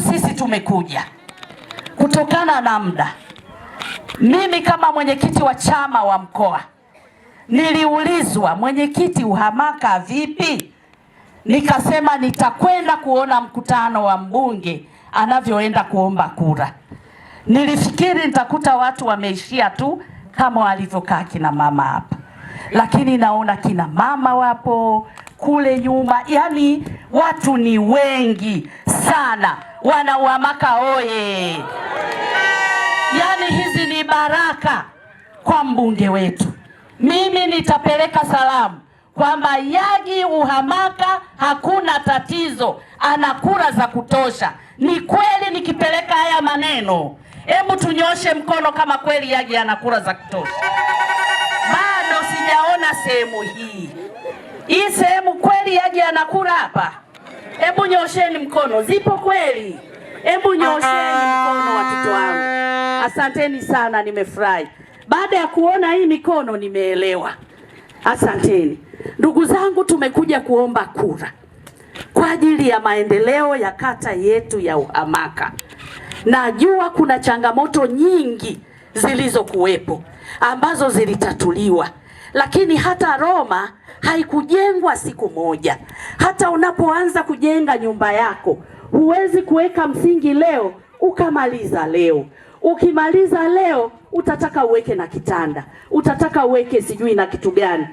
sisi tumekuja kutokana na muda. Mimi kama mwenyekiti wa chama wa mkoa niliulizwa, mwenyekiti, uhamaka vipi? Nikasema nitakwenda kuona mkutano wa mbunge anavyoenda kuomba kura. Nilifikiri nitakuta watu wameishia tu kama walivyokaa kina mama hapa, lakini naona kina mama wapo, kule nyuma, yani watu ni wengi sana, uhamaka oye! Yani hizi ni baraka kwa mbunge wetu. Mimi nitapeleka salamu kwamba Yagi Uhamaka hakuna tatizo, ana kura za kutosha. Ni kweli, nikipeleka haya maneno, hebu tunyoshe mkono kama kweli Yagi ana kura za kutosha. Bado sijaona sehemu hii hii sehemu kweli yaje anakula hapa? Hebu nyosheni mkono, zipo kweli? Hebu nyosheni mkono watoto wangu. Asanteni sana, nimefurahi. Baada ya kuona hii mikono nimeelewa. Asanteni ndugu zangu, tumekuja kuomba kura kwa ajili ya maendeleo ya kata yetu ya Uhamaka. Najua kuna changamoto nyingi zilizokuwepo ambazo zilitatuliwa lakini hata Roma haikujengwa siku moja. Hata unapoanza kujenga nyumba yako, huwezi kuweka msingi leo ukamaliza leo. Ukimaliza leo, utataka uweke na kitanda, utataka uweke sijui na kitu gani.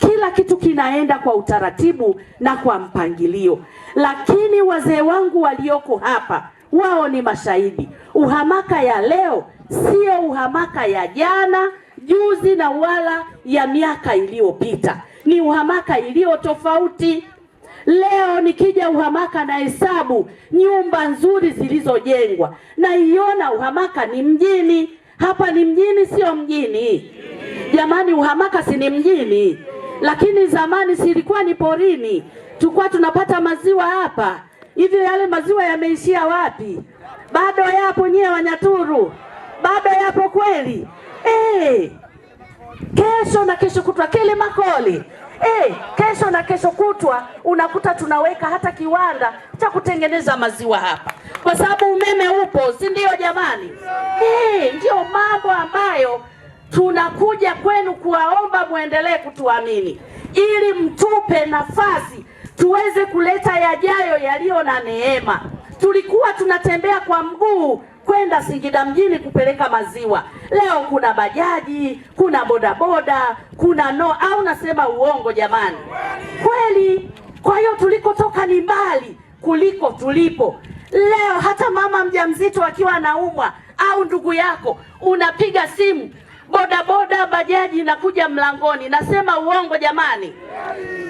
Kila kitu kinaenda kwa utaratibu na kwa mpangilio. Lakini wazee wangu walioko hapa, wao ni mashahidi. Uhamaka ya leo sio uhamaka ya jana juzi na wala ya miaka iliyopita. Ni uhamaka iliyo tofauti. Leo nikija uhamaka na hesabu nyumba nzuri zilizojengwa, naiona uhamaka ni mjini. Hapa ni mjini, sio mjini? Jamani, uhamaka si ni mjini? Lakini zamani silikuwa ni porini, tulikuwa tunapata maziwa hapa. Hivyo yale maziwa yameishia wapi? Bado yapo nyie Wanyaturu? Bado yapo kweli? hey, kesho na kesho kutwa kile makoli hey, kesho na kesho kutwa unakuta tunaweka hata kiwanda cha kutengeneza maziwa hapa, kwa sababu umeme upo, si ndio jamani? Hey, ndio mambo ambayo tunakuja kwenu kuwaomba mwendelee kutuamini ili mtupe nafasi tuweze kuleta yajayo yaliyo na neema. Tulikuwa tunatembea kwa mguu kwenda Singida mjini kupeleka maziwa. Leo kuna bajaji, kuna bodaboda, kuna no au nasema uongo jamani? Kweli. Kwa hiyo tulikotoka ni mbali kuliko tulipo leo. Hata mama mjamzito akiwa anaumwa au ndugu yako, unapiga simu bodaboda, bajaji inakuja mlangoni. Nasema uongo jamani?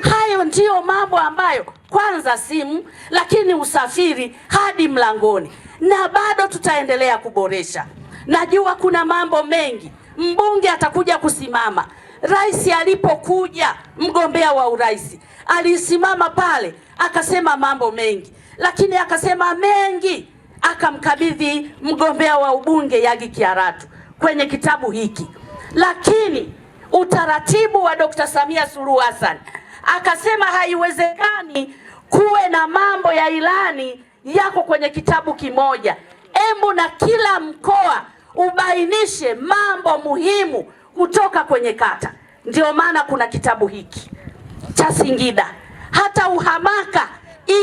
Hayo ndiyo mambo ambayo kwanza simu, lakini usafiri hadi mlangoni na bado tutaendelea kuboresha. Najua kuna mambo mengi, mbunge atakuja kusimama. Rais alipokuja mgombea wa urais alisimama pale akasema mambo mengi, lakini akasema mengi, akamkabidhi mgombea wa ubunge Yagi Kiaratu kwenye kitabu hiki, lakini utaratibu wa Dr. Samia Suluhu Hassan akasema haiwezekani kuwe na mambo ya ilani yako kwenye kitabu kimoja. Embu na kila mkoa ubainishe mambo muhimu kutoka kwenye kata. Ndio maana kuna kitabu hiki cha Singida. Hata uhamaka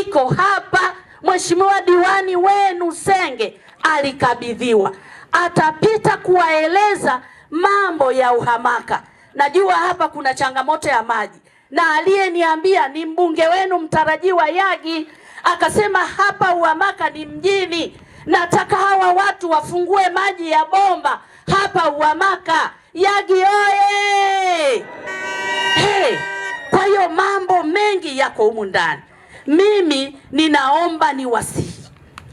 iko hapa. Mheshimiwa diwani wenu Senge alikabidhiwa, atapita kuwaeleza mambo ya uhamaka. Najua hapa kuna changamoto ya maji, na aliyeniambia ni mbunge wenu mtarajiwa Yagi akasema hapa Uhamaka ni mjini, nataka hawa watu wafungue maji ya bomba hapa uamaka Yagi oye! Hey, kwa hiyo mambo mengi yako humu ndani. Mimi ninaomba niwasihi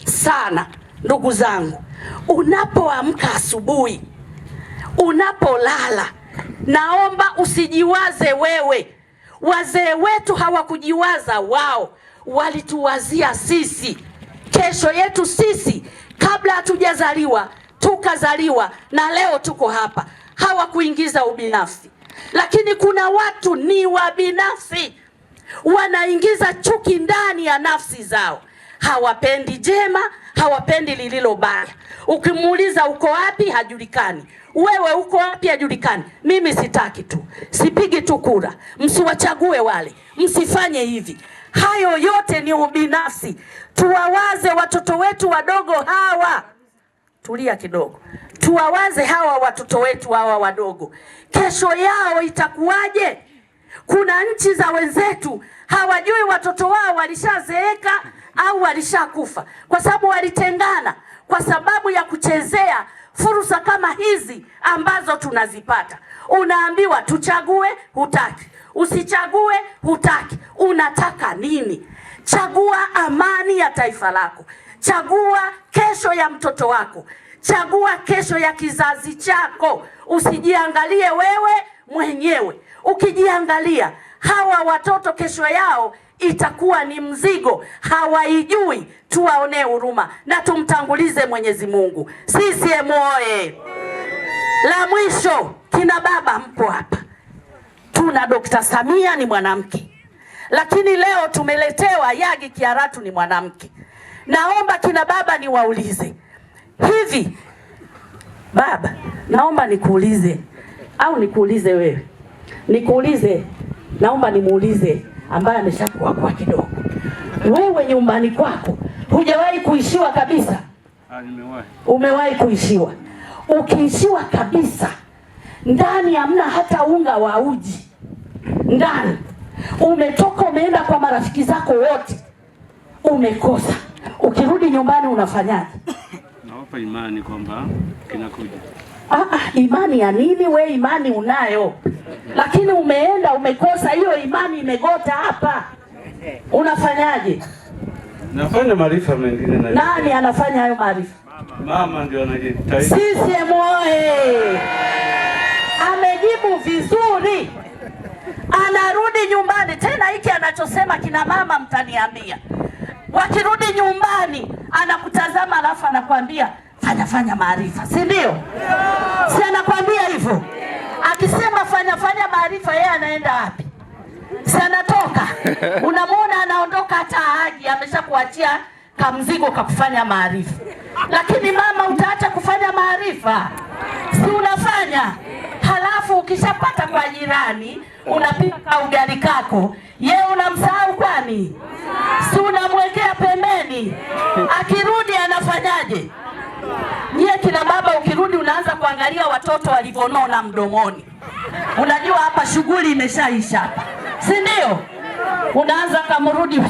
sana ndugu zangu, unapoamka asubuhi, unapolala, naomba usijiwaze wewe. Wazee wetu hawakujiwaza wao, walituwazia sisi, kesho yetu sisi, kabla hatujazaliwa tukazaliwa, na leo tuko hapa. Hawakuingiza ubinafsi, lakini kuna watu ni wabinafsi, wanaingiza chuki ndani ya nafsi zao. Hawapendi jema, hawapendi lililo baya. Ukimuuliza uko wapi, hajulikani. Wewe uko wapi, hajulikani. Mimi sitaki tu, sipigi tu kura, msiwachague wale, msifanye hivi. Hayo yote ni ubinafsi. Tuwawaze watoto wetu wadogo hawa. Tulia kidogo, tuwawaze hawa watoto wetu hawa wadogo, kesho yao itakuwaje? Kuna nchi za wenzetu hawajui watoto wao walishazeeka au walishakufa, kwa sababu walitengana kwa sababu ya kuchezea fursa kama hizi ambazo tunazipata. Unaambiwa tuchague, hutaki usichague hutaki. Unataka nini? Chagua amani ya taifa lako, chagua kesho ya mtoto wako, chagua kesho ya kizazi chako. Usijiangalie wewe mwenyewe. Ukijiangalia hawa watoto, kesho yao itakuwa ni mzigo, hawaijui. Tuwaonee huruma na tumtangulize Mwenyezi Mungu. CCM oye! La mwisho, kina baba mko hapa yetu na Dokta Samia ni mwanamke, lakini leo tumeletewa Yagi Kiaratu ni mwanamke. Naomba kina baba niwaulize hivi, baba, naomba nikuulize au nikuulize wewe, nikuulize, naomba nimuulize ambaye ameshakuwa kwa kidogo, wewe nyumbani kwako hujawahi kuishiwa kabisa? Ah, Umewahi kuishiwa? Ukiishiwa kabisa ndani hamna hata unga wa uji ndani, umetoka umeenda kwa marafiki zako wote, umekosa. Ukirudi nyumbani unafanyaje? Nawapa imani kwamba kinakuja. Ah, ah, imani ya nini? We imani unayo, lakini umeenda umekosa, hiyo imani imegota hapa, unafanyaje? Nafanya maarifa mengine na nani anafanya hayo maarifa? Mama, mama ndio anajitahidi. Sisi oye! Amejibu vizuri anarudi nyumbani tena. Hiki anachosema kina mama, mtaniambia, wakirudi nyumbani anakutazama, alafu anakwambia fanya fanya maarifa, si ndio? Si anakwambia hivyo? Akisema fanya fanya maarifa, yeye anaenda wapi? Si anatoka, unamwona anaondoka, hata aji ameshakuachia kamzigo ka kufanya maarifa. Lakini mama, utaacha kufanya maarifa? Si unafanya Alafu ukishapata kwa jirani, unapika ka ugali kako, ye unamsahau kwani? Si unamwekea pembeni, akirudi anafanyaje? Nyie kina baba, ukirudi unaanza kuangalia watoto walivyonona mdomoni, unajua hapa shughuli imeshaisha, si ndio? Unaanza kamrudi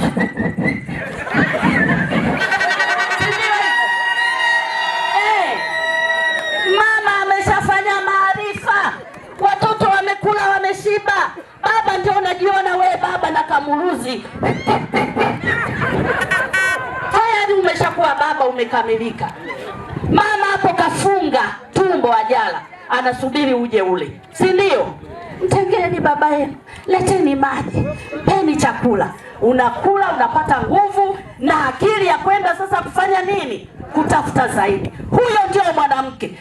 umekamilika. Mama hapo kafunga tumbo, ajala anasubiri uje ule, si ndio? Mtengeni baba yenu, leteni maji, mpeni chakula. Unakula, unapata nguvu na akili ya kwenda sasa kufanya nini, kutafuta zaidi. Huyo ndio mwanamke.